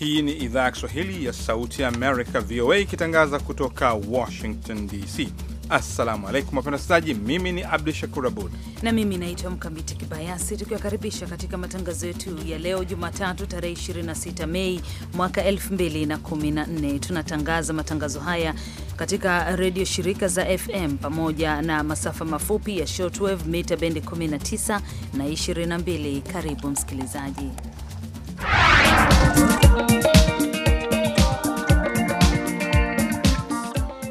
Hii ni idhaa ya Kiswahili ya Sauti ya Amerika, VOA, ikitangaza kutoka Washington DC. Assalamu alaikum wapenda wasikilizaji, mimi ni Abdu Shakur Abud na mimi naitwa Mkamiti Kibayasi, tukiwakaribisha katika matangazo yetu ya leo Jumatatu tarehe 26 Mei mwaka 2014. Tunatangaza matangazo haya katika redio shirika za FM pamoja na masafa mafupi ya shortwave mita bendi 19 na 22. Karibu msikilizaji.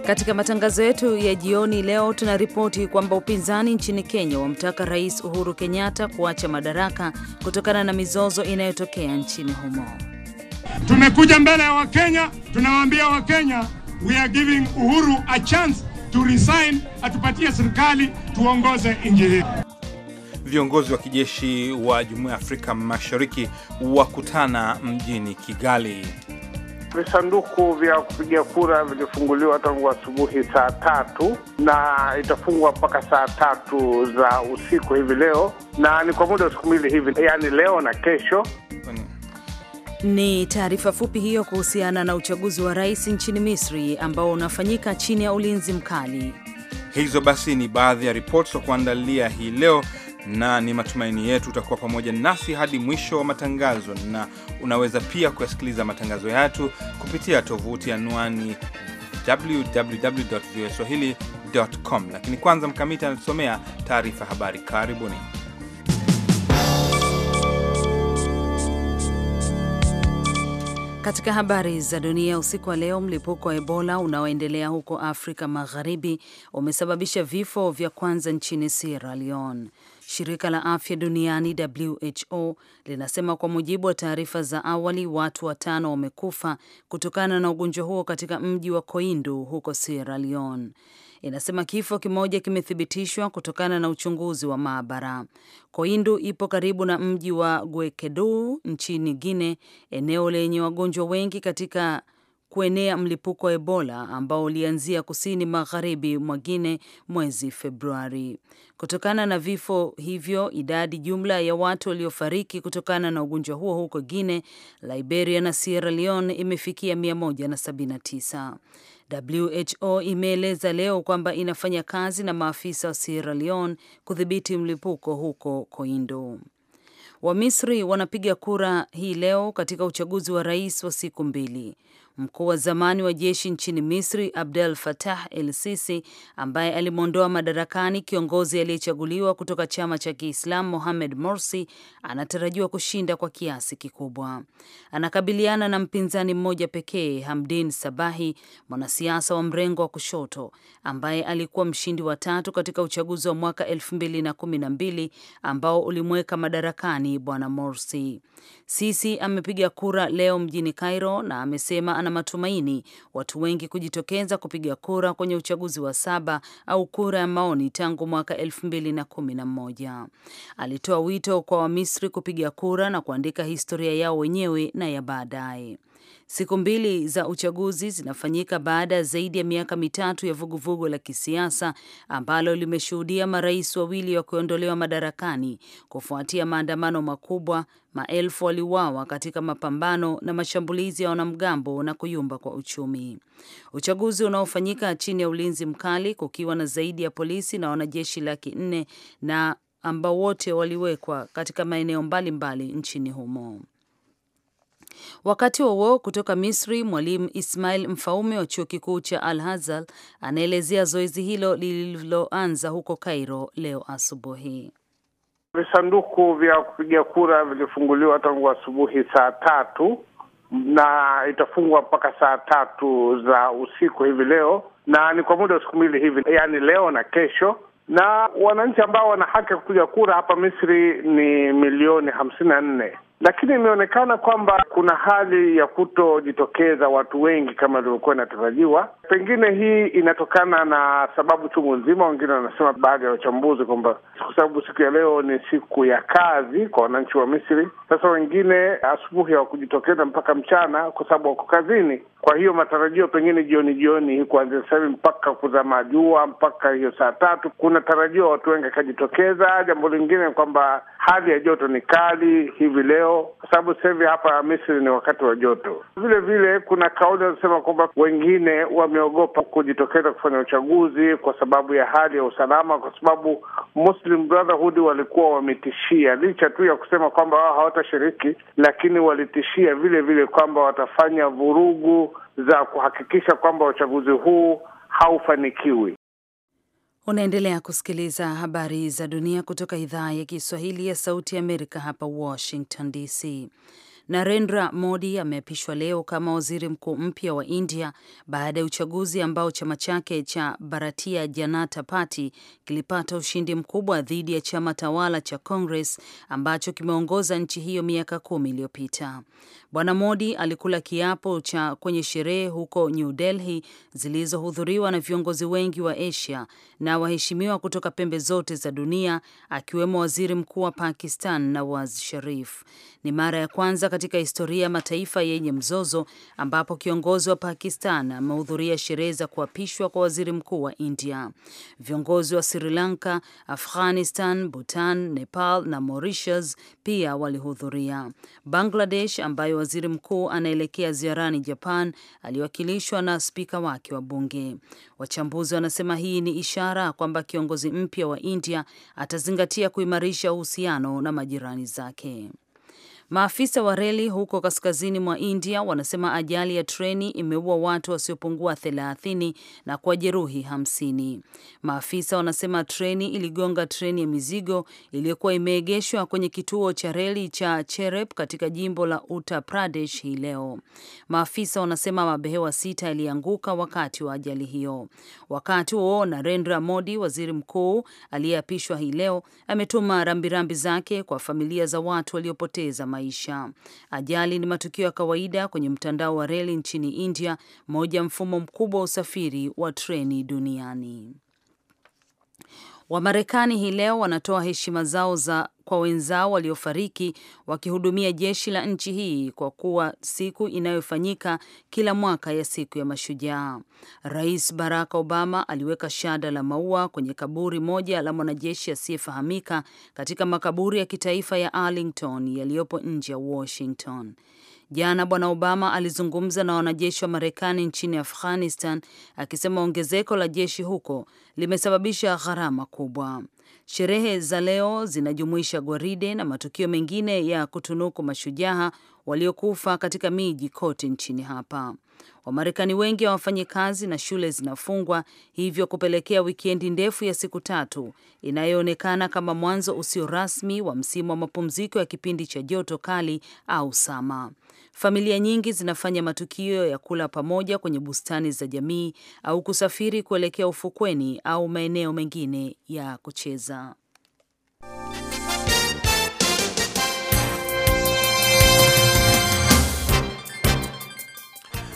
Katika matangazo yetu ya jioni leo tunaripoti kwamba upinzani nchini Kenya wamtaka Rais Uhuru Kenyatta kuacha madaraka kutokana na mizozo inayotokea nchini humo. Tumekuja mbele ya Wakenya, tunawaambia Wakenya, we are giving Uhuru a chance to resign, atupatie serikali tuongoze nchi hii. Viongozi wa kijeshi wa Jumuiya ya Afrika Mashariki wakutana mjini Kigali. Visanduku vya kupiga kura vilifunguliwa tangu asubuhi saa tatu na itafungwa mpaka saa tatu za usiku hivi leo, na ni kwa muda wa siku mbili hivi, yaani leo na kesho. Ni taarifa fupi hiyo kuhusiana na uchaguzi wa rais nchini Misri ambao unafanyika chini ya ulinzi mkali. Hizo basi ni baadhi ya ripoti za kuandalia hii leo na ni matumaini yetu utakuwa pamoja nasi hadi mwisho wa matangazo, na unaweza pia kuyasikiliza matangazo yetu kupitia tovuti anwani www.voaswahili.com. Lakini kwanza Mkamiti anatusomea taarifa habari. Karibuni. Katika habari za dunia usiku wa leo, mlipuko wa Ebola unaoendelea huko Afrika Magharibi umesababisha vifo vya kwanza nchini Sierra Leone. Shirika la afya duniani WHO linasema kwa mujibu wa taarifa za awali, watu watano wamekufa kutokana na ugonjwa huo katika mji wa Koindu huko Sierra Leone. Inasema kifo kimoja kimethibitishwa kutokana na uchunguzi wa maabara. Koindu ipo karibu na mji wa Guekedu nchini Guine, eneo lenye wagonjwa wengi katika kuenea mlipuko wa Ebola ambao ulianzia kusini magharibi mwa guine mwezi Februari. Kutokana na vifo hivyo, idadi jumla ya watu waliofariki kutokana na ugonjwa huo huko guine Liberia na Sierra Leone imefikia 179. WHO imeeleza leo kwamba inafanya kazi na maafisa wa Sierra Leone kudhibiti mlipuko huko Koindo. Wamisri wanapiga kura hii leo katika uchaguzi wa rais wa siku mbili. Mkuu wa zamani wa jeshi nchini Misri Abdel Fattah El Sisi, ambaye alimwondoa madarakani kiongozi aliyechaguliwa kutoka chama cha Kiislamu Mohamed Morsi, anatarajiwa kushinda kwa kiasi kikubwa. Anakabiliana na mpinzani mmoja pekee, Hamdin Sabahi, mwanasiasa wa mrengo wa kushoto ambaye alikuwa mshindi wa tatu katika uchaguzi wa mwaka elfu na kumi na mbili ambao ulimweka madarakani bwana Morsi. Sisi amepiga kura leo mjini Cairo na amesema ana na matumaini watu wengi kujitokeza kupiga kura kwenye uchaguzi wa saba au kura ya maoni tangu mwaka elfu mbili na kumi na moja. Alitoa wito kwa Wamisri kupiga kura na kuandika historia yao wenyewe na ya baadaye. Siku mbili za uchaguzi zinafanyika baada ya zaidi ya miaka mitatu ya vuguvugu la kisiasa ambalo limeshuhudia marais wawili wa kuondolewa madarakani kufuatia maandamano makubwa. Maelfu waliuawa katika mapambano na mashambulizi ya wanamgambo na kuyumba kwa uchumi. Uchaguzi unaofanyika chini ya ulinzi mkali, kukiwa na zaidi ya polisi na wanajeshi laki nne na ambao wote waliwekwa katika maeneo mbalimbali nchini humo. Wakati huo kutoka Misri, mwalimu Ismail Mfaume wa chuo kikuu cha Al hazal anaelezea zoezi hilo lililoanza huko Cairo leo asubuhi. Visanduku vya kupiga kura vilifunguliwa tangu asubuhi saa tatu na itafungwa mpaka saa tatu za usiku hivi leo, na ni kwa muda wa siku mbili hivi, yaani leo na kesho. Na wananchi ambao wana haki ya kupiga kura hapa Misri ni milioni hamsini na nne lakini imeonekana kwamba kuna hali ya kutojitokeza watu wengi kama ilivyokuwa inatarajiwa Pengine hii inatokana na sababu chungu nzima. Wengine wanasema baadhi ya wachambuzi kwamba kwa sababu siku ya leo ni siku ya kazi kwa wananchi wa Misri. Sasa wengine asubuhi hawakujitokeza mpaka mchana kwa sababu wako kazini. Kwa hiyo matarajio pengine jioni jioni, kuanzia sasa hivi mpaka kuzama jua, mpaka hiyo saa tatu, kuna tarajio watu wengi akajitokeza. Jambo lingine kwamba hali ya joto ni kali hivi leo, kwa sababu sasa hivi hapa Misri ni wakati wa joto. Vile vile kuna kauli wanasema kwamba wengine wame wameogopa kujitokeza kufanya uchaguzi kwa sababu ya hali ya usalama, kwa sababu Muslim Brotherhood walikuwa wametishia, licha tu ya kusema kwamba wao hawatashiriki, lakini walitishia vile vile kwamba watafanya vurugu za kuhakikisha kwamba uchaguzi huu haufanikiwi. Unaendelea kusikiliza habari za dunia kutoka idhaa ya Kiswahili ya Sauti ya Amerika hapa Washington DC. Narendra Modi ameapishwa leo kama waziri mkuu mpya wa India baada ya uchaguzi ambao chama chake cha Bharatiya Janata Party kilipata ushindi mkubwa dhidi ya chama tawala cha Congress ambacho kimeongoza nchi hiyo miaka kumi iliyopita. Bwana Modi alikula kiapo cha kwenye sherehe huko New Delhi zilizohudhuriwa na viongozi wengi wa Asia na waheshimiwa kutoka pembe zote za dunia akiwemo waziri mkuu wa Pakistan Nawaz Sharif. Ni mara ya kwanza katika historia ya mataifa yenye mzozo, ambapo kiongozi wa Pakistan amehudhuria sherehe za kuapishwa kwa waziri mkuu wa India. Viongozi wa Sri Lanka, Afghanistan, Bhutan, Nepal na Mauritius pia walihudhuria. Bangladesh, ambayo waziri mkuu anaelekea ziarani Japan, aliwakilishwa na spika wake wa bunge. Wachambuzi wanasema hii ni ishara kwamba kiongozi mpya wa India atazingatia kuimarisha uhusiano na majirani zake. Maafisa wa reli huko kaskazini mwa India wanasema ajali ya treni imeua watu wasiopungua 30 na kuwajeruhi 50. Maafisa wanasema treni iligonga treni ya mizigo iliyokuwa imeegeshwa kwenye kituo cha reli cha Cherep katika jimbo la Uttar Pradesh hii leo. Maafisa wanasema mabehewa sita yalianguka wakati wa ajali hiyo. Wakati huo, Narendra Modi, waziri mkuu aliyeapishwa hii leo, ametuma rambirambi zake kwa familia za watu waliopoteza maisha. Ajali ni matukio ya kawaida kwenye mtandao wa reli nchini India, moja mfumo mkubwa wa usafiri wa treni duniani. Wamarekani hii leo wanatoa heshima zao za kwa wenzao waliofariki wakihudumia jeshi la nchi hii kwa kuwa siku inayofanyika kila mwaka ya siku ya mashujaa. Rais Barack Obama aliweka shada la maua kwenye kaburi moja la mwanajeshi asiyefahamika katika makaburi ya kitaifa ya Arlington yaliyopo nje ya Washington. Jana Bwana Obama alizungumza na wanajeshi wa Marekani nchini Afghanistan akisema ongezeko la jeshi huko limesababisha gharama kubwa. Sherehe za leo zinajumuisha gwaride na matukio mengine ya kutunuku mashujaa waliokufa katika miji kote nchini hapa. Wamarekani wengi hawafanyi kazi na shule zinafungwa, hivyo kupelekea wikendi ndefu ya siku tatu inayoonekana kama mwanzo usio rasmi wa msimu wa mapumziko ya kipindi cha joto kali au sama. Familia nyingi zinafanya matukio ya kula pamoja kwenye bustani za jamii au kusafiri kuelekea ufukweni au maeneo mengine ya kucheza.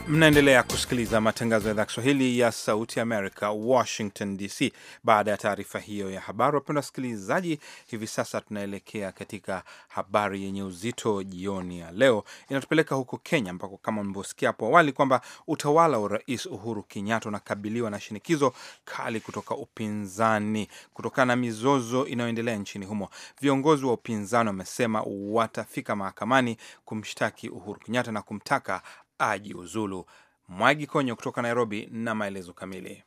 Mnaendelea kusikiliza matangazo ya idhaa Kiswahili ya Sauti Amerika, Washington DC. Baada ya taarifa hiyo ya habari, wapenda wasikilizaji, hivi sasa tunaelekea katika habari yenye uzito jioni ya leo. Inatupeleka huko Kenya, ambako kama mlivyosikia hapo awali kwamba utawala wa Rais Uhuru Kenyatta unakabiliwa na shinikizo kali kutoka upinzani kutokana na mizozo inayoendelea nchini humo. Viongozi wa upinzani wamesema watafika mahakamani kumshtaki Uhuru Kenyatta na kumtaka ajiuzulu. Mwagi Konyo kutoka Nairobi na maelezo kamili.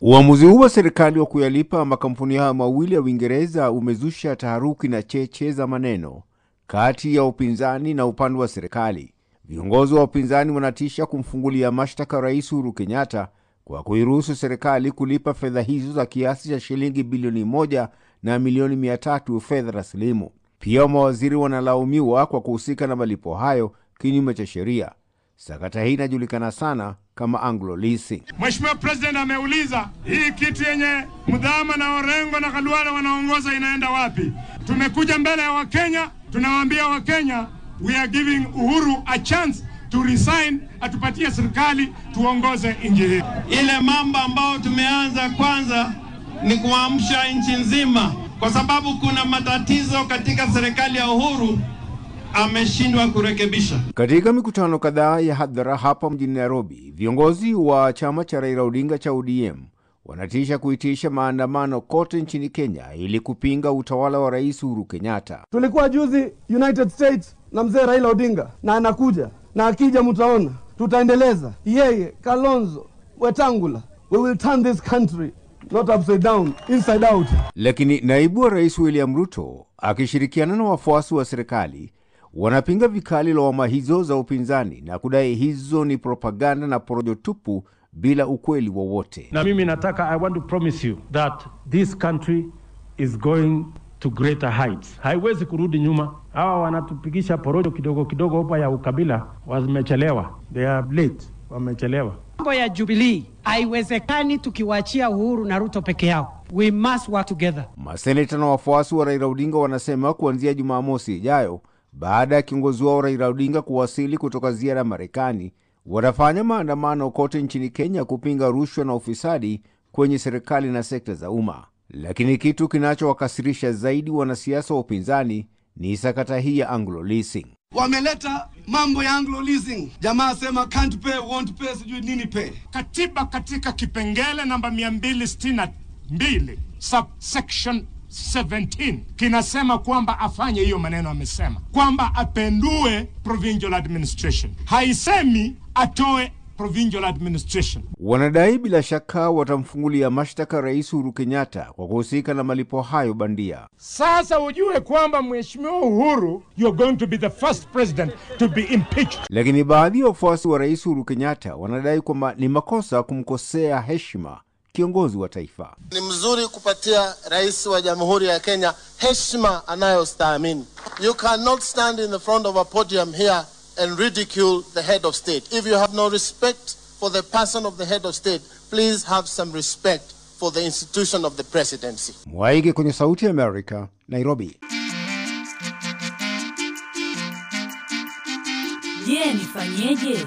Uamuzi huu wa serikali wa kuyalipa makampuni hayo mawili ya Uingereza umezusha taharuki na cheche za maneno kati ya upinzani na upande wa serikali. Viongozi wa upinzani wanatisha kumfungulia mashtaka Rais Uhuru Kenyatta kwa kuiruhusu serikali kulipa fedha hizo za kiasi cha shilingi bilioni moja na milioni mia tatu fedha taslimu Pia mawaziri wanalaumiwa kwa kuhusika na malipo hayo kinyume cha sheria. Sakata hii inajulikana sana kama Anglo Lisi. Mheshimiwa President ameuliza hii kitu yenye Mdhama na Orengo na Khalwala wanaongoza inaenda wapi? Tumekuja mbele ya Wakenya, tunawaambia Wakenya we are giving Uhuru a chance to resign, atupatie serikali tuongoze nchi hii. Ile mambo ambayo tumeanza kwanza ni kuamsha nchi nzima, kwa sababu kuna matatizo katika serikali ya Uhuru ameshindwa kurekebisha. Katika mikutano kadhaa ya hadhara hapa mjini Nairobi, viongozi wa chama cha Raila Odinga cha ODM wanatisha kuitisha maandamano kote nchini Kenya ili kupinga utawala wa Rais Uhuru Kenyatta. Tulikuwa juzi United States na mzee Raila Odinga, na anakuja na akija, mtaona tutaendeleza yeye, Kalonzo Wetangula, we will turn this country Not upside down, inside out. Lakini naibu wa rais William Ruto akishirikiana na wafuasi wa serikali wanapinga vikali lawama hizo za upinzani na kudai hizo ni propaganda na porojo tupu bila ukweli wowote. Na mimi nataka, I want to promise you that this country is going to greater heights. Haiwezi kurudi nyuma. Hawa wanatupigisha porojo kidogo kidogo, hopa ya ukabila. Wamechelewa, they are late, wamechelewa. Mambo ya Jubilee haiwezekani tukiwaachia Uhuru na Ruto peke yao. We must work together. Maseneta na wafuasi wa Raila Odinga wanasema kuanzia Jumamosi ijayo baada ya kiongozi wao Raila Odinga kuwasili kutoka ziara ya Marekani, watafanya maandamano kote nchini Kenya kupinga rushwa na ufisadi kwenye serikali na sekta za umma. Lakini kitu kinachowakasirisha zaidi wanasiasa wa upinzani ni sakata hii ya Anglo Leasing. Wameleta mambo ya Anglo Leasing, jamaa sema can't pay, won't pay, sijui nini pay. Katiba katika kipengele namba 262 subsection 17 kinasema kwamba afanye hiyo maneno, amesema kwamba apendue provincial administration, haisemi atoe provincial administration. Wanadai bila shaka watamfungulia mashtaka Rais Uhuru Kenyatta kwa kuhusika na malipo hayo bandia. Sasa ujue kwamba Mheshimiwa Uhuru, are going to be the first president to be impeached. Lakini baadhi ya wafuasi wa Rais Uhuru Kenyatta wanadai kwamba ni makosa kumkosea heshima kiongozi wa taifa. Ni mzuri kupatia rais wa Jamhuri ya Kenya heshima anayostaamini. You cannot stand in the front of a podium here and ridicule the head of state. If you have no respect for the person of the head of state, please have some respect for the institution of the presidency. Mwaige kwenye Sauti ya Amerika, Nairobi. Je, nifanyeje?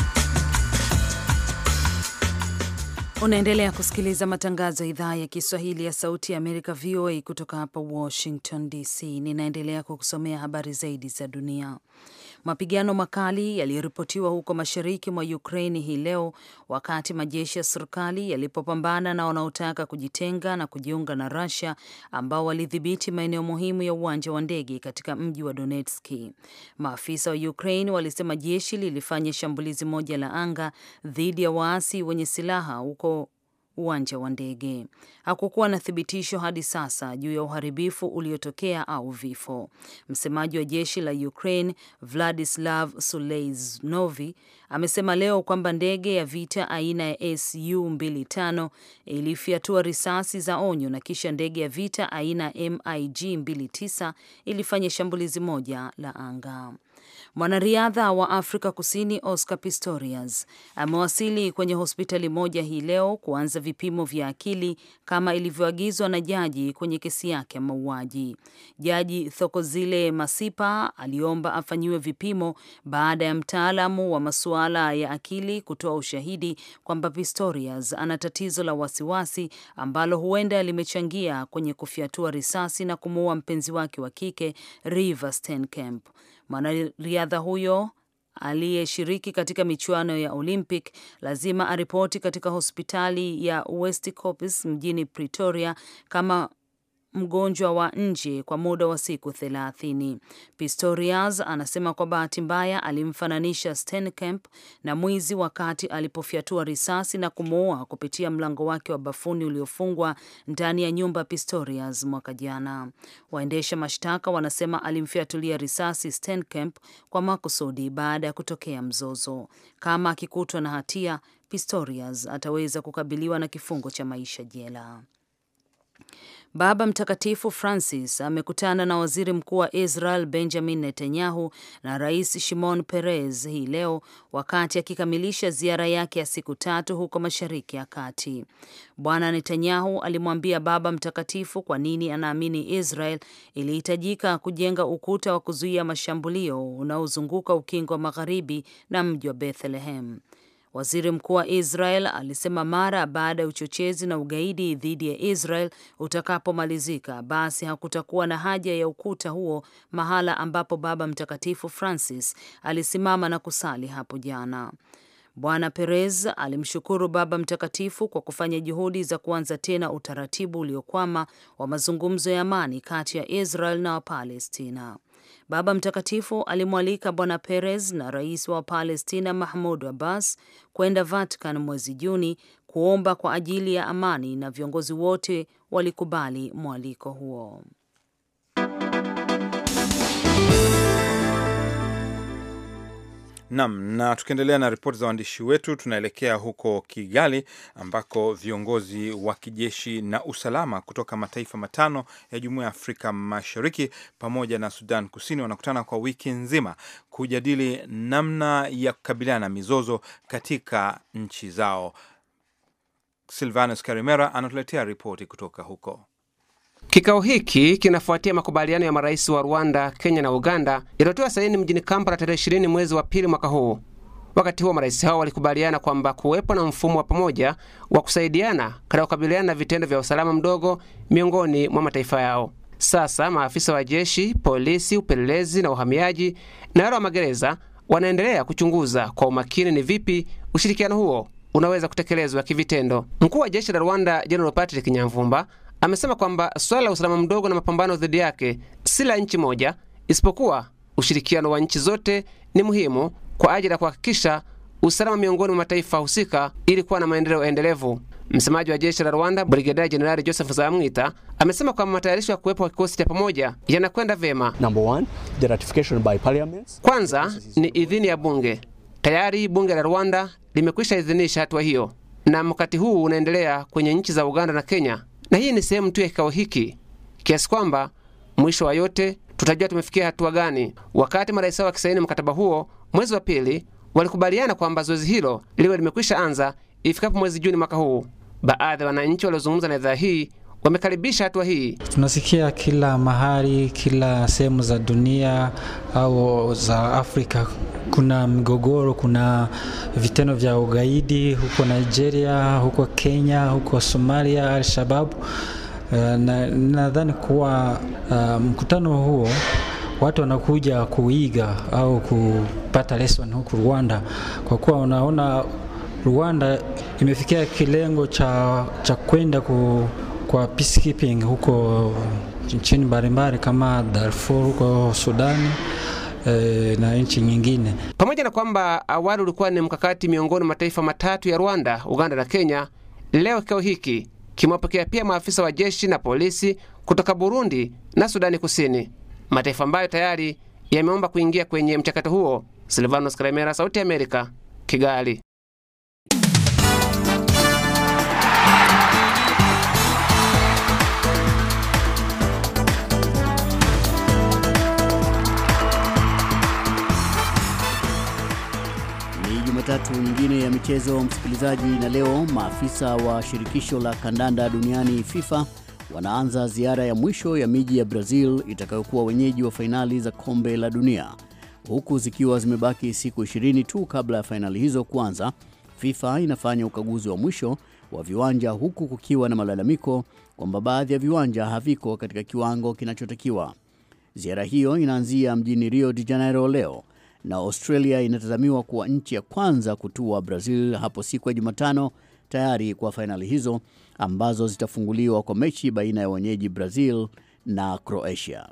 Unaendelea kusikiliza matangazo ya idhaa ya Kiswahili ya Sauti ya Amerika, VOA, kutoka hapa Washington DC. Ninaendelea kukusomea habari zaidi za dunia. Mapigano makali yaliripotiwa huko mashariki mwa ukraini hii leo wakati majeshi ya serikali yalipopambana na wanaotaka kujitenga na kujiunga na Russia ambao walidhibiti maeneo muhimu ya uwanja wa ndege katika mji wa Donetski. Maafisa wa Ukraine walisema jeshi lilifanya shambulizi moja la anga dhidi ya waasi wenye silaha huko uwanja wa ndege. Hakukuwa na thibitisho hadi sasa juu ya uharibifu uliotokea au vifo. Msemaji wa jeshi la Ukraine Vladislav suleiznovi amesema leo kwamba ndege ya vita aina ya Su-25 ilifyatua risasi za onyo na kisha ndege ya vita aina ya MiG-29 ilifanya shambulizi moja la anga. Mwanariadha wa Afrika Kusini Oscar Pistorius amewasili kwenye hospitali moja hii leo kuanza vipimo vya akili kama ilivyoagizwa na jaji kwenye kesi yake ya mauaji. Jaji Thokozile Masipa aliomba afanyiwe vipimo baada ya mtaalamu wa masuala ya akili kutoa ushahidi kwamba Pistorius ana tatizo la wasiwasi ambalo huenda limechangia kwenye kufyatua risasi na kumuua mpenzi wake wa kike Reeva Steenkamp. Mwanariadha huyo aliyeshiriki katika michuano ya Olympic lazima aripoti katika hospitali ya West mjini Pretoria kama mgonjwa wa nje kwa muda wa siku thelathini. Pistorius anasema kwa bahati mbaya alimfananisha Stenkamp na mwizi wakati alipofyatua risasi na kumuua kupitia mlango wake wa bafuni uliofungwa ndani ya nyumba Pistorius mwaka jana. Waendesha mashtaka wanasema alimfyatulia risasi Stenkamp kwa makusudi baada ya kutokea mzozo. Kama akikutwa na hatia, Pistorius ataweza kukabiliwa na kifungo cha maisha jela. Baba Mtakatifu Francis amekutana na waziri mkuu wa Israel Benjamin Netanyahu na rais Shimon Peres hii leo wakati akikamilisha ziara yake ya siku tatu huko Mashariki ya Kati. Bwana Netanyahu alimwambia Baba Mtakatifu kwa nini anaamini Israel ilihitajika kujenga ukuta wa kuzuia mashambulio unaozunguka ukingo wa magharibi na mji wa Bethlehem. Waziri mkuu wa Israel alisema mara baada ya uchochezi na ugaidi dhidi ya Israel utakapomalizika, basi hakutakuwa na haja ya ukuta huo, mahala ambapo Baba Mtakatifu Francis alisimama na kusali hapo jana. Bwana Perez alimshukuru Baba Mtakatifu kwa kufanya juhudi za kuanza tena utaratibu uliokwama wa mazungumzo ya amani kati ya Israel na Wapalestina. Baba Mtakatifu alimwalika Bwana Perez na rais wa Palestina Mahmud Abbas kwenda Vatican mwezi Juni kuomba kwa ajili ya amani na viongozi wote walikubali mwaliko huo. Nam na tukiendelea na ripoti za waandishi wetu, tunaelekea huko Kigali ambako viongozi wa kijeshi na usalama kutoka mataifa matano ya Jumuiya ya Afrika Mashariki pamoja na Sudan Kusini wanakutana kwa wiki nzima kujadili namna ya kukabiliana na mizozo katika nchi zao. Silvanus Karimera anatuletea ripoti kutoka huko. Kikao hiki kinafuatia makubaliano ya marais wa Rwanda, Kenya na Uganda yaliyotiwa saini mjini Kampala tarehe ishirini mwezi wa pili mwaka huu. Wakati huo marais hao walikubaliana kwamba kuwepo na mfumo wa pamoja wa kusaidiana katika kukabiliana na vitendo vya usalama mdogo miongoni mwa mataifa yao. Sasa maafisa wa jeshi, polisi, upelelezi na uhamiaji na wale wa magereza wanaendelea kuchunguza kwa umakini ni vipi ushirikiano huo unaweza kutekelezwa kivitendo. Mkuu wa jeshi la Rwanda Jenerali Patrick Nyamvumba amesema kwamba swala la usalama mdogo na mapambano dhidi yake si la nchi moja, isipokuwa ushirikiano wa nchi zote ni muhimu kwa ajili ya kuhakikisha usalama miongoni mwa mataifa husika ili kuwa na maendeleo endelevu. Msemaji wa jeshi la Rwanda, Brigedia Jenerali Joseph Zamwita, amesema kwamba matayarisho ya kuwepo kwa kikosi cha pamoja yanakwenda vyema. Kwanza ni idhini ya bunge. Tayari bunge la Rwanda limekwisha idhinisha hatua hiyo, na mkakati huu unaendelea kwenye nchi za Uganda na Kenya na hii ni sehemu tu ya kikao hiki, kiasi kwamba mwisho wa yote tutajua tumefikia hatua gani. Wakati marais hao wakisaini mkataba huo mwezi wa pili, walikubaliana kwamba zoezi hilo liwe limekwisha anza ifikapo mwezi Juni mwaka huu. Baadhi ya wananchi waliozungumza na idhaa hii wamekaribisha hatua hii. Tunasikia kila mahali, kila sehemu za dunia au za Afrika kuna migogoro, kuna vitendo vya ugaidi huko Nigeria, huko Kenya, huko Somalia, Al-Shabaab. Eh, na nadhani kuwa uh, mkutano huo watu wanakuja kuiga au kupata lesson huku Rwanda, kwa kuwa unaona Rwanda imefikia kilengo cha, cha kwenda ku kwa peacekeeping huko eh, nchini mbalimbali kama Darfur huko Sudani eh, na nchi nyingine. Pamoja na kwamba awali ulikuwa ni mkakati miongoni mwa mataifa matatu ya Rwanda, Uganda na Kenya, leo kikao hiki kimewapokea pia maafisa wa jeshi na polisi kutoka Burundi na Sudani Kusini, mataifa ambayo tayari yameomba kuingia kwenye mchakato huo. Silvanos Karemera, Sauti ya Amerika, Kigali. matatu nyingine ya michezo msikilizaji, na leo maafisa wa shirikisho la kandanda duniani FIFA wanaanza ziara ya mwisho ya miji ya Brazil itakayokuwa wenyeji wa fainali za kombe la dunia, huku zikiwa zimebaki siku 20 tu kabla ya fainali hizo kuanza. FIFA inafanya ukaguzi wa mwisho wa viwanja, huku kukiwa na malalamiko kwamba baadhi ya viwanja haviko katika kiwango kinachotakiwa. Ziara hiyo inaanzia mjini Rio de Janeiro leo na Australia inatazamiwa kuwa nchi ya kwanza kutua Brazil hapo siku ya Jumatano, tayari kwa fainali hizo ambazo zitafunguliwa kwa mechi baina ya wenyeji Brazil na Croatia.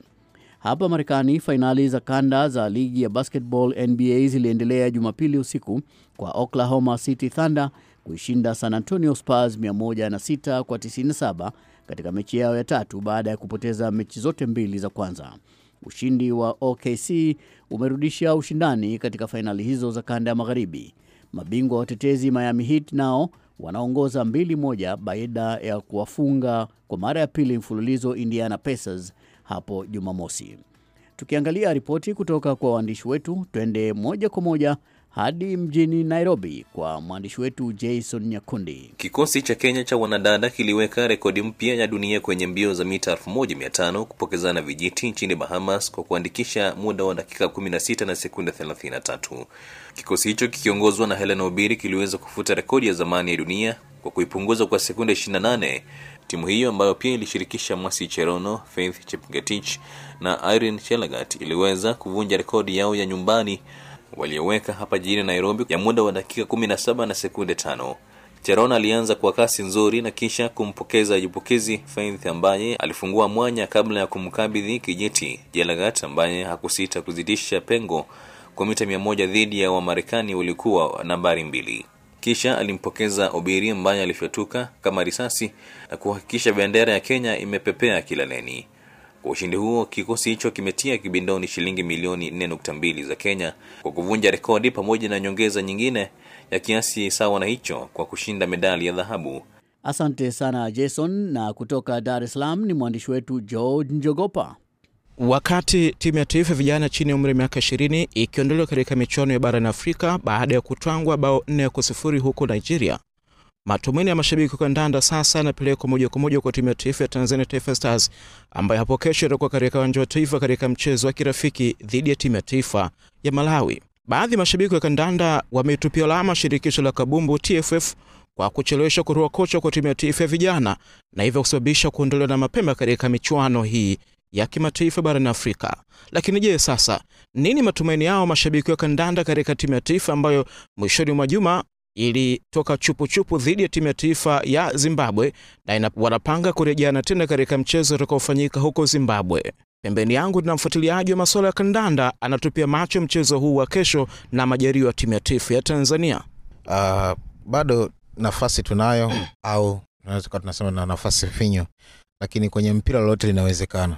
Hapa Marekani, fainali za kanda za ligi ya basketball NBA ziliendelea Jumapili usiku kwa Oklahoma City Thunder kuishinda San Antonio Spurs 106 kwa 97 katika mechi yao ya tatu baada ya kupoteza mechi zote mbili za kwanza. Ushindi wa OKC umerudisha ushindani katika fainali hizo za kanda ya magharibi. Mabingwa watetezi Miami Heat nao wanaongoza mbili moja baada ya kuwafunga kwa mara ya pili mfululizo Indiana Pacers hapo Jumamosi. Tukiangalia ripoti kutoka kwa waandishi wetu, twende moja kwa moja hadi mjini Nairobi kwa mwandishi wetu Jason Nyakundi. Kikosi cha Kenya cha wanadada kiliweka rekodi mpya ya dunia kwenye mbio za mita 1500 kupokezana vijiti nchini Bahamas kwa kuandikisha muda wa dakika 16 na sekunde 33. Kikosi hicho kikiongozwa na Helen Obiri kiliweza kufuta rekodi ya zamani ya dunia kwa kuipunguza kwa sekunde 28. Timu hiyo ambayo pia ilishirikisha Mwasi Cherono, Faith Chepngetich na Irene Chelagat iliweza kuvunja rekodi yao ya nyumbani walioweka hapa jijini Nairobi ya muda wa dakika 17 na sekunde tano. Cheron alianza kwa kasi nzuri na kisha kumpokeza jipokezi Faith ambaye alifungua mwanya kabla ya kumkabidhi kijiti Jelagat ambaye hakusita kuzidisha pengo kwa mita 1 moja dhidi ya Wamarekani walikuwa nambari mbili. Kisha alimpokeza Obiri ambaye alifyatuka kama risasi na kuhakikisha bendera ya Kenya imepepea kilaleni. Kwa ushindi huo, kikosi hicho kimetia kibindoni shilingi milioni 4.2 za Kenya kwa kuvunja rekodi pamoja na nyongeza nyingine ya kiasi sawa na hicho kwa kushinda medali ya dhahabu. Asante sana Jason, na kutoka Dar es Salaam ni mwandishi wetu George Njogopa. Wakati timu ya taifa vijana chini ya umri wa miaka 20 ikiondolewa katika michuano ya barani Afrika baada ya kutwangwa bao 4 kwa sifuri huko Nigeria, Matumaini ya mashabiki wa kandanda sasa yanapelekwa moja kwa moja kwa timu ya taifa ya Tanzania, Taifa Stars, ambayo hapo kesho itakuwa katika uwanja wa taifa katika mchezo wa kirafiki dhidi ya timu ya taifa ya Malawi. Baadhi ya mashabiki wa kandanda wameitupia lama shirikisho la kabumbu TFF kwa kuchelewesha kurua kocha kwa timu ya taifa ya vijana na hivyo kusababisha kuondolewa na mapema katika michuano hii ya kimataifa barani Afrika. Lakini je, sasa nini matumaini yao mashabiki wa kandanda katika timu ya taifa ambayo mwishoni mwa juma ilitoka chupuchupu dhidi ya timu ya taifa ya Zimbabwe na wanapanga kurejeana tena katika mchezo utakaofanyika huko Zimbabwe. Pembeni yangu tuna mfuatiliaji wa masuala ya kandanda anatupia macho mchezo huu wa kesho na majaribio ya timu ya taifa ya Tanzania. Uh, bado nafasi tunayo au tunaweza kuwa tunasema na nafasi finyo, lakini kwenye mpira lolote linawezekana,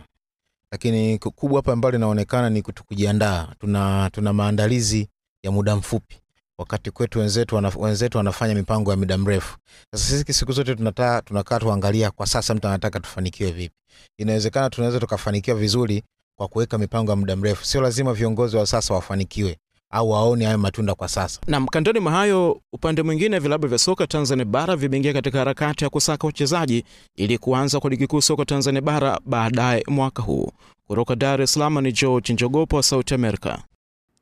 lakini kubwa hapa ambalo linaonekana ni kutukujiandaa. Tuna, tuna maandalizi ya muda mfupi wakati kwetu wenzetu wana, wenzetu wanafanya mipango ya muda mrefu. Sasa sisi siku zote tunataa tunakaa tuangalia kwa sasa mtu anataka tufanikiwe vipi. Inawezekana tunaweza tukafanikiwa vizuri kwa kuweka mipango ya muda mrefu. Sio lazima viongozi wa sasa wafanikiwe au waone hayo matunda kwa sasa. Nam kandoni mahayo, upande mwingine, vilabu vya soka Tanzania bara vimeingia katika harakati ya kusaka wachezaji ili kuanza kwa ligi kuu soka Tanzania bara baadaye mwaka huu. Kutoka Dar es Salaam ni George Njogopa wa Sauti Amerika.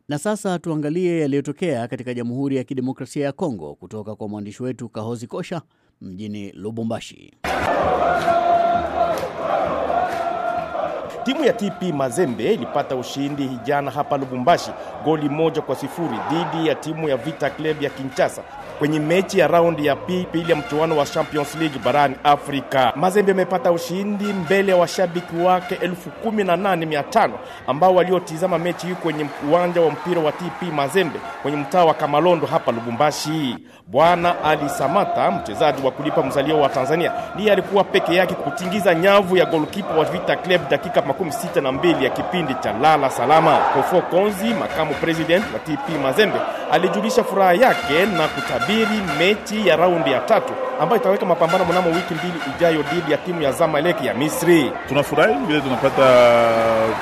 Na sasa tuangalie yaliyotokea katika Jamhuri ya Kidemokrasia ya Kongo kutoka kwa mwandishi wetu Kahozi Kosha mjini Lubumbashi. Timu ya TP Mazembe ilipata ushindi jana hapa Lubumbashi, goli moja kwa sifuri dhidi ya timu ya Vita Club ya Kinshasa kwenye mechi ya raundi ya pili ya mchuano wa Champions League barani Afrika. Mazembe amepata ushindi mbele ya wa washabiki wake elfu kumi na nane mia tano ambao waliotizama mechi hii kwenye uwanja wa mpira wa TP Mazembe kwenye mtaa wa Kamalondo hapa Lubumbashi. Bwana Ali Samata, mchezaji wa kulipa mzalio wa Tanzania, ndiye alikuwa peke yake kutingiza nyavu ya golkipa wa Vita Club dakika makumi sita na mbili ya kipindi cha lala salama. Kofo Konzi, makamu president wa TP Mazembe, alijulisha furaha yake na kutabiri kusubiri mechi ya raundi ya tatu ambayo itaweka mapambano mnamo wiki mbili ijayo dhidi ya timu ya Zamalek ya Misri. Tunafurahi vile tunapata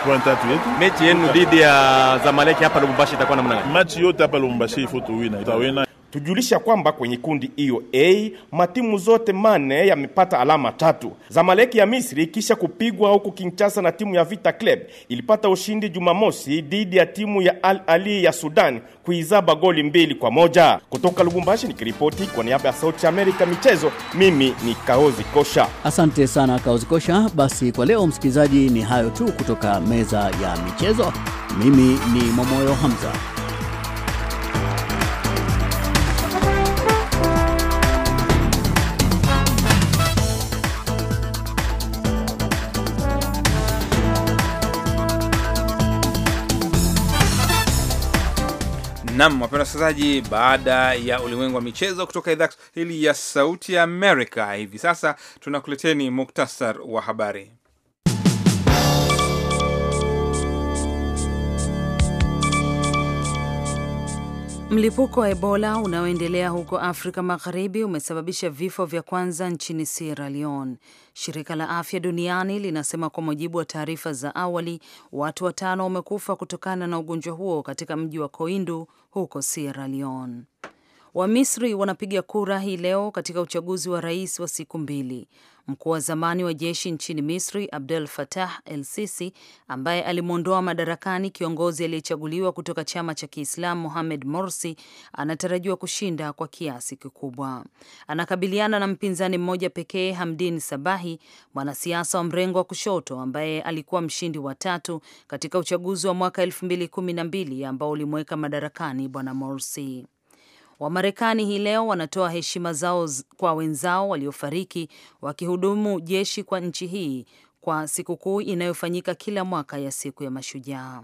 point tatu yetu. Mechi yenu dhidi ya Zamalek hapa Lubumbashi itakuwa namna gani? Mechi yote hapa Lubumbashi ifutuwina itawina tujulisha kwamba kwenye kundi hiyo A matimu zote mane yamepata alama tatu. Zamaleki ya Misri kisha kupigwa huku Kinshasa na timu ya Vita Club ilipata ushindi Jumamosi dhidi ya timu ya Al Ali ya Sudan kuizaba goli mbili kwa moja. Kutoka Lubumbashi nikiripoti kwa niaba ya Sauti Amerika michezo, mimi ni Kaozi Kosha. Asante sana Kaozi Kosha. Basi kwa leo msikilizaji, ni hayo tu kutoka meza ya michezo. Mimi ni Momoyo Hamza. Nam wapenda wasikilizaji, baada ya ulimwengu wa michezo kutoka idhaa Kiswahili ya Sauti ya Amerika, hivi sasa tunakuleteni muktasar wa habari. Mlipuko wa Ebola unaoendelea huko Afrika Magharibi umesababisha vifo vya kwanza nchini Sierra Leone. Shirika la Afya Duniani linasema kwa mujibu wa taarifa za awali, watu watano wamekufa kutokana na ugonjwa huo katika mji wa Koindu huko Sierra Leone. Wamisri wanapiga kura hii leo katika uchaguzi wa rais wa siku mbili. Mkuu wa zamani wa jeshi nchini Misri Abdel Fattah El Sisi, ambaye alimwondoa madarakani kiongozi aliyechaguliwa kutoka chama cha Kiislamu Mohamed Morsi, anatarajiwa kushinda kwa kiasi kikubwa. Anakabiliana na mpinzani mmoja pekee, Hamdin Sabahi, mwanasiasa wa mrengo wa kushoto ambaye alikuwa mshindi wa tatu katika uchaguzi wa mwaka elfu mbili kumi na mbili ambao ulimweka madarakani bwana Morsi. Wamarekani hii leo wanatoa heshima zao kwa wenzao waliofariki wakihudumu jeshi kwa nchi hii kwa sikukuu inayofanyika kila mwaka ya siku ya Mashujaa.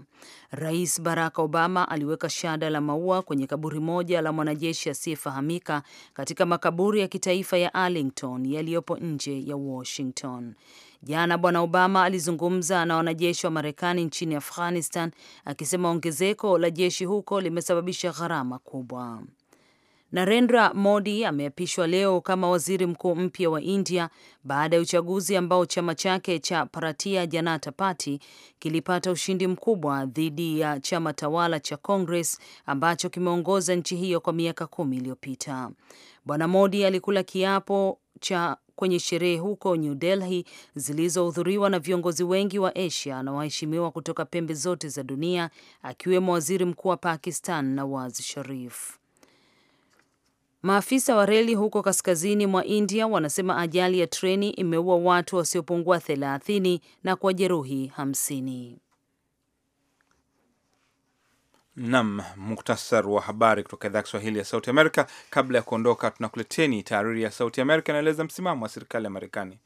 Rais Barack Obama aliweka shada la maua kwenye kaburi moja la mwanajeshi asiyefahamika katika makaburi ya kitaifa ya Arlington yaliyopo nje ya Washington. Jana Bwana Obama alizungumza na wanajeshi wa Marekani nchini Afghanistan akisema ongezeko la jeshi huko limesababisha gharama kubwa. Narendra Modi ameapishwa leo kama waziri mkuu mpya wa India baada ya uchaguzi ambao chama chake cha Bharatiya Janata Party kilipata ushindi mkubwa dhidi ya chama tawala cha Congress ambacho kimeongoza nchi hiyo kwa miaka kumi iliyopita. Bwana Modi alikula kiapo cha kwenye sherehe huko New Delhi zilizohudhuriwa na viongozi wengi wa Asia na waheshimiwa kutoka pembe zote za dunia akiwemo waziri mkuu wa Pakistan Nawaz Sharif. Maafisa wa reli huko kaskazini mwa India wanasema ajali ya treni imeua watu wasiopungua 30 na kuwajeruhi 50. Nam muktasar wa habari kutoka idhaa ya Kiswahili ya Sauti Amerika. Kabla ya kuondoka, tunakuleteni tahariri ya Sauti Amerika inaeleza msimamo wa serikali ya Marekani.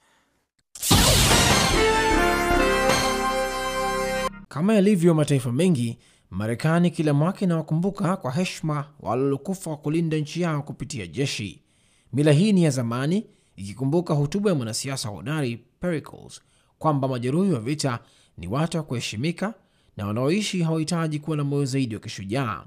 Kama yalivyo mataifa mengi, Marekani kila mwaka inawakumbuka kwa heshima walolokufa kwa kulinda nchi yao kupitia jeshi. Mila hii ni ya zamani, ikikumbuka hotuba ya mwanasiasa hodari Pericles kwamba majeruhi wa vita ni watu wa kuheshimika na wanaoishi hawahitaji kuwa na moyo zaidi wa kishujaa.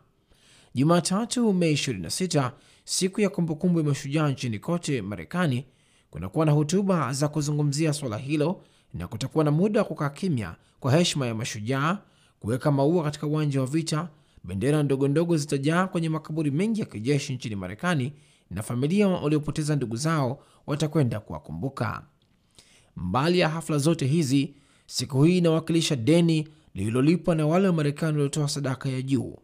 Jumatatu, Mei 26, siku ya kumbukumbu ya mashujaa nchini kote Marekani, kunakuwa na hotuba za kuzungumzia swala hilo na kutakuwa na muda wa kukaa kimya kwa heshima ya mashujaa kuweka maua katika uwanja wa vita. Bendera ndogo ndogo zitajaa kwenye makaburi mengi ya kijeshi nchini Marekani, na familia waliopoteza ndugu zao watakwenda kuwakumbuka. Mbali ya hafla zote hizi, siku hii inawakilisha deni lililolipwa na wale wa marekani waliotoa sadaka ya juu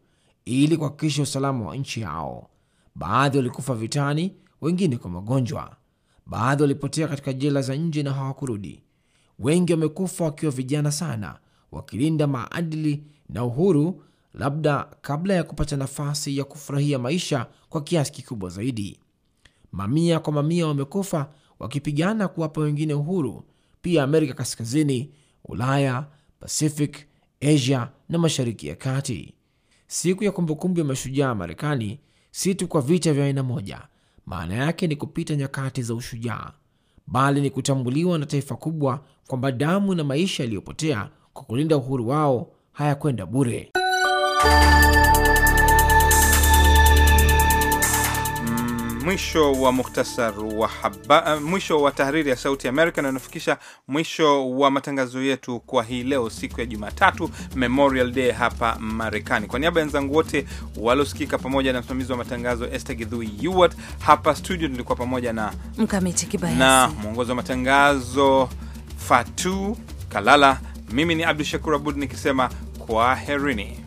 ili kuhakikisha usalama wa nchi yao. Baadhi walikufa vitani, wengine kwa magonjwa, baadhi walipotea katika jela za nje na hawakurudi. Wengi wamekufa wakiwa vijana sana, wakilinda maadili na uhuru, labda kabla ya kupata nafasi ya kufurahia maisha kwa kiasi kikubwa zaidi. Mamia kwa mamia wamekufa wakipigana kuwapa wengine uhuru. Pia Amerika Kaskazini, Ulaya, Pacific, Asia na Mashariki ya Kati. Siku ya kumbukumbu ya mashujaa Marekani si tu kwa vita vya aina moja, maana yake ni kupita nyakati za ushujaa, bali ni kutambuliwa na taifa kubwa kwamba damu na maisha yaliyopotea kwa kulinda uhuru wao hayakwenda bure. Mwisho wa muhtasar wa haba, eh, mwisho wa tahariri ya Sauti Amerika na unafikisha mwisho wa matangazo yetu kwa hii leo, siku ya Jumatatu, Memorial Day hapa Marekani. Kwa niaba ya wenzangu wote waliosikika pamoja na msimamizi wa matangazo Esther Gidhui Yuwat, hapa studio tulikuwa pamoja na Mkamiti Kibayasi na mwongozi wa matangazo Fatu Kalala. Mimi ni Abdu Shakur Abud nikisema kwaherini.